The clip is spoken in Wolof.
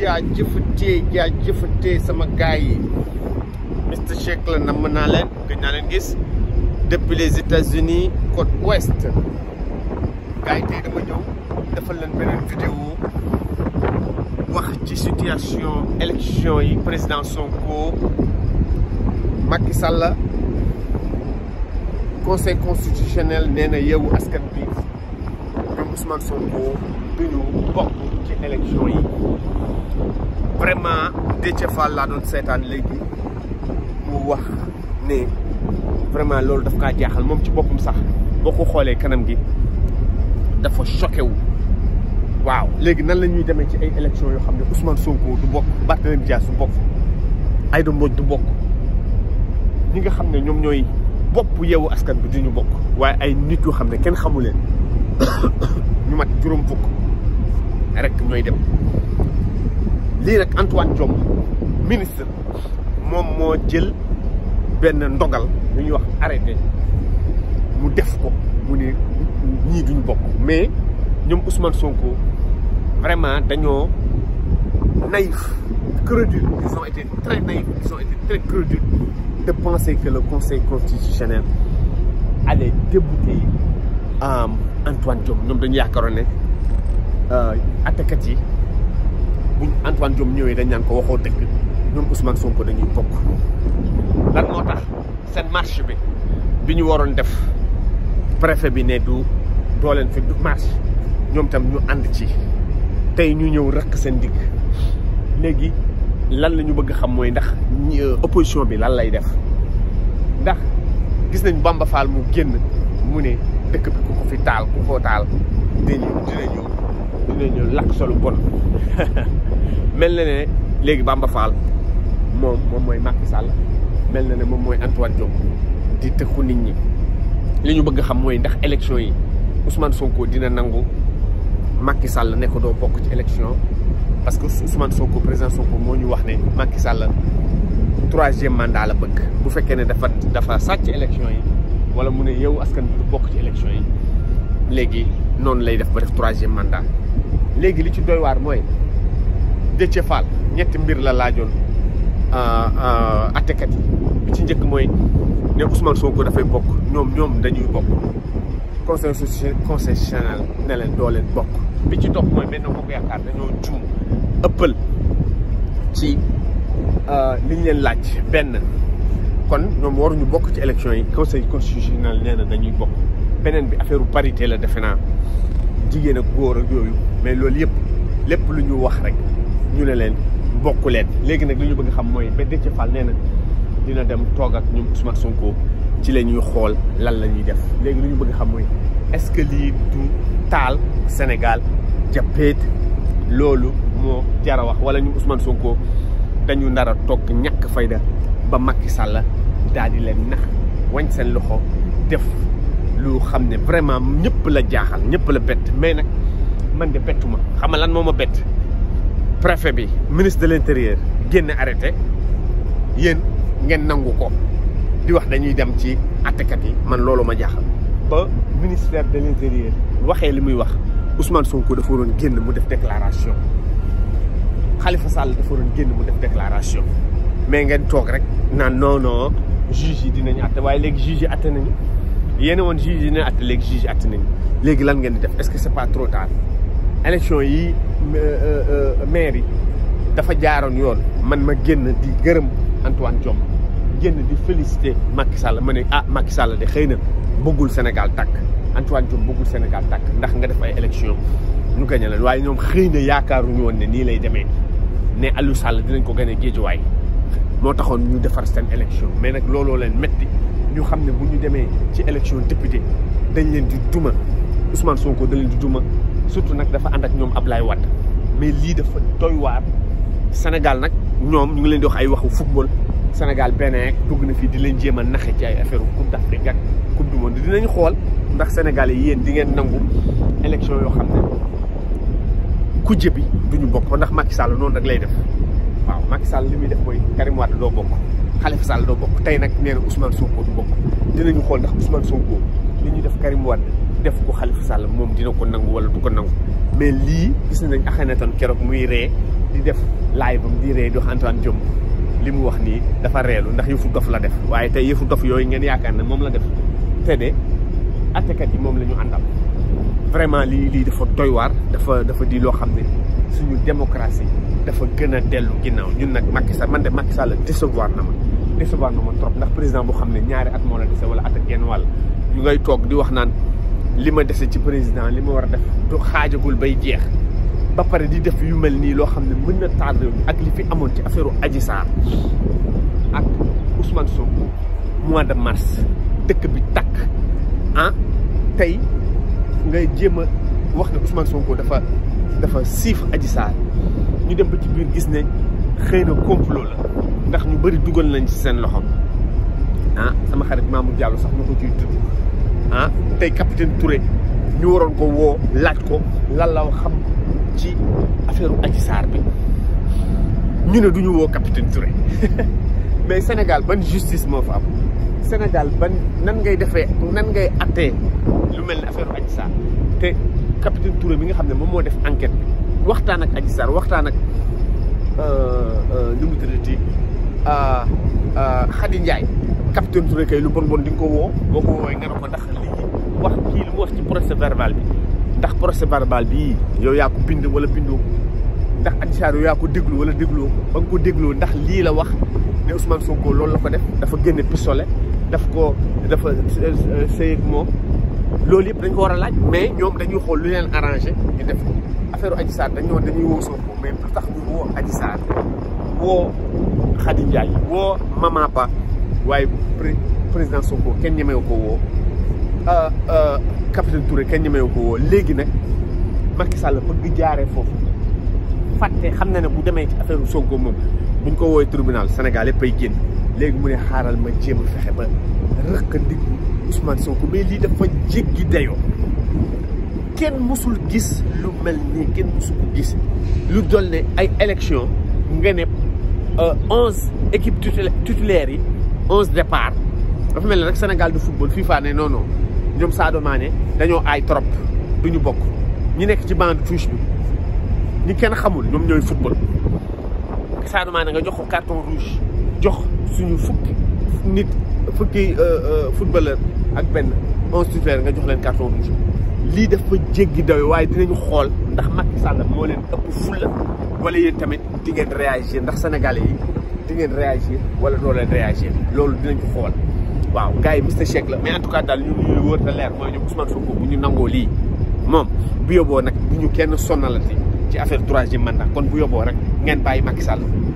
jaajëfatee jaajëfatee sama gars yi Mister Shake la namm naa leen gëj naa leen gis depuis les États-Unis côte ouest gars yi tey dama ñëw defal beneen vidéo wax ci situation élection yi président Sonko Macky Sall conseil constitutionnel nee na yeewu askan bi ñoom Ousmane Sonko duñu bokk ci élection yi Déthié Fall laa doon seetaan léegi mu wax ne vraiment loolu daf ka jaaxal moom ci boppam sax boo ko xoolee kanam gi dafa choqué waaw léegi nan la ñuy demee ci ay élections yoo xam ne Ousmane Sonko du bokk Barthélémy Dias du bokk Aïda Mbodj du bokk ñi nga xam ne ñoom ñooy bopp yeewu askan bi du ñu bokk. waaye ay nit yoo xam ne kenn xamu leen ñu mat juróom fukk rek ñooy dem lire Antoine Diom, ministre mon modèle Ben ndogal arrêté mu def ko mu mais nous, Ousmane Sonko vraiment naïfs, naïf crédules ils ont été très naïfs ils ont été très crédules de penser que le conseil constitutionnel allait débouter Antoine Diom. nous dañu yaakaaroon ne euh, Antoine diom ñëwee dañ ñan ko waxo dëgg ñun Ousmane Sonko dañuy bokk lan moo tax seen marche bi biñu waron def préfet bi né du do leen fi du marche ñom tam ñu and ci tay ñu ñëw rek sen dig légui lan lañu bëgg xam moy ndax euh, opposition bi lan lay def ndax gis nañ Bamba Fall mu génn mu né dëkk bi ku ko fi taal ku ko taal dina dinañu dinañu lakk solu bon mel na ne léegi Bamba Fall moom moom mooy Macky Sall mel na ne moom mooy Antoine Diop di tëkku nit ñi li ñu bëgg xam mooy ndax élection yi Ousmane Sonko dina nangu Macky Sall ne doo bokk ci élection parce que Ousmane Sonko président Sonko moo ñu wax ne Macky Sall troisième mandat la bëgg bu fekkee ne dafa dafa sàcc élection yi wala mu ne yow askan bi du bokk ci élection yi léegi. noonu lay def ba def troisième mandat léegi li ci doy mooy Déthié Fall ñetti mbir la laajoon euh, euh, attekat yi bi ci njëkk mooy ne Ousmane Sonko dafay bokk ñoom ñoom dañuy bokk conseil constitutionnel ne leen doo leen bokk bi ci topp mooy Benno Bokk Yaakaar dañoo juum ëppal ci euh, li ñu leen laaj benn kon ñoom waruñu bokk ci election yi conseil constitutionnel nee na dañuy bokk beneen bi affaire parité la defe naa jigéen ak góor ak yooyu mais loolu yëpp lépp lu ñu wax rek ñu ne leen bokk leen. léegi nag li ñu bëgg xam mooy ba Déthié Fall nee na dina dem toog ak ñoom Ousmane Sonko ci la ñuy xool lan la ñuy def léegi lu ñu bëgg xam mooy est que lii du taal Sénégal jàppeet loolu moo jar a wax wala ñu Ousmane Sonko dañu nar a toog ñàkk fayda ba Macky Sall daal leen nax wañ seen loxo def. lu xam ne vraiment ñëpp la jaaxal ñëpp la bett mais nag man de bettuma xam nga lan moo ma bett préfet bi ministre de l'intérieur génn arrêté yéen ngeen nangu ko di wax dañuy dem ci attekat yi man loolu ma jaaxal ba ministère de l'intérieur waxee li muy wax Ousmane Sonko dafa waroon génn mu def déclaration Khalifa Sall dafa waroon génn mu def déclaration mais ngeen toog rek naan non non juge yi dinañu atte waaye léegi juge yi atte nañu yéen woon juge yi ne atte léegi juge atte nañu léegi lan ngeen di def est-ce que c'est pas trop tard élection yi euh, euh, euh, maire yi dafa jaaroon yoon man ma génn di gërëm Antoine Diome génn di féliciter Macky Sall ma ne ah Macky Sall de xëy na bëggul Sénégal tàkk Antoine Diome bëggul Sénégal tàkk ndax nga def ay élection nu gañe leen waaye ñoom xëy yaakaaruñu woon ne nii lay demee ne Aliou Sall dinañ ko gën a moo taxoon ñu defar seen élection mais nag looloo leen métti ñu xam ne bu ñu demee ci élection député dañ leen di duma Ousmane Sonko dañ leen di duma surtout nag dafa ànd ak ñoom ab Ablaye Wade mais lii dafa doy waar Sénégal nag ñoom ñu ngi leen di wax ay waxu football Sénégal beneen dugg na fii di leen jéem a naxe ci ay affaire coupe d'Afrique ak coupe du monde xool ndax Sénégal yi yéen di ngeen nangu élection yoo xam ne kujje bi duñu bokk ndax Macky Sall noonu rek lay dem waaw Macky Sall li muy def koy Karim Wade doo bokk. Khalifa Sall doo bokk tey nag nee na Ousmane Sonko du bokk dinañu xool ndax soo Sonko li ñuy def Karim Wade def ko Khalifa Sall moom dina ko nangu wala du ko nangu mais lii gis nañ tam keroog muy ree di def laay bam di ree di wax Antoine li mu wax nii dafa reelu ndax yëfu dof la def waaye tey yëfu dof yooyu ngeen yaakaar na moom la def te de attekat yi moom la ñu àndal vraiment li li dafa doy war dafa dafa di lo xamné suñu démocratie dafa gëna a ginnaw ñun nak Macky Sall man de Macky Sall décevoir na ma décevoir na ma trop ndax président bu xamné ñaari at mo la déssé wala at ak genn wàll ñu ngay tok di wax naan lima déssé ci président lima wara a def du xajagul bay jeex ba paré di def yu mel nii loo mën na ak li fi amon ci affaireu Adji Sarr ak Ousmane Sonko mois de mars dëkk bi tak ah tay ngay jéem a wax ne Ousmane Sonko dafa dafa siif Adji Sarr ñu dem ba ci biir gis ne xëy na complot la ndax ñu bëri dugal nañ ci seen loxo ah sama xarit Mamour Diallo sax ma ko ciy tudd ah tey capitaine Touré ñu waroon ko woo laaj ko lan la xam ci affaire Adji Sarr bi ñu ne du ñu woo capitaine Touré mais Sénégal ban justice moo fa Sénégal ban nan ngay defee nan ngay attee lu mel ni affaire Adji te capitaine Touré bi nga xam ne moom moo def enquête waxtaan ak Adji Sarr waxtaan ak euh, euh, nu mu tuddati Khady Ndiaye capitaine Touré kay lu bon bon di ko woo boo ko woowee nga ne ko ndax lii wax lu mu wax ci procès verbal bi ndax procès verbal bii yow yaa ko bind wala bindoo ndax Adji Sarr yow yaa ko déglu wala dégloo ba nga ko dégloo ndax lii la wax ne Ousmane Sonko loolu la fa def dafa génne pistolet daf ko dafa euh, sëyeeg moom loolu yëpp dañ ko war a laaj mais ñoom dañuy xool lu leen arrangé ñu def affaire Adji Sarr dañ ñoo dañuy woo Sonko mais lu tax ñu woo Adji Sarr woo Khady Ndiaye woo Mama waaye président Sonko kenn ñemewu ko woo ah, ah, capitaine Touré kenn ñemewu ko woo léegi nag Macky Sall bëgg jaaree foofu fàtte xam na ne bu demee ci affaire Sonko moom buñ ko woowee tribunal Sénégal yëpp ay génn léegi mu ne xaaral ma jéem a fexe ba rëq ndig Ousmane Sonko mais faire dafa vu gis lu gis lu dolne? ay élection 11 euh, équipes 11 titulaires 11 départs, départ Sénégal de football FIFA ne non non Sadio trop du bokk ñi fait ci bande touche bi ils ont xamul football Sadio carton rouge fukki euh, euh, footballeur ak ben on super nga jox len carton rouge lii dafa jéggi daw waaye dinañu xol ndax Macky Sall mo len ëpp fulla wala yéen tamit di ngeen réagir ndax sénégalais yi di ngeen réagir wala do len réagir loolu dinañ ko xool waaw gars yi Mister Shake la mais en tout cas dal ñu ñuy wër ta leer moy ñu Ousmane Sonko bu ñu nangoo lii moom bu yóbboo nak bu ñu kenn sonnalati ci affaire troisième mandat kon bu yóbboo rek ngeen bàyyi Macky Sall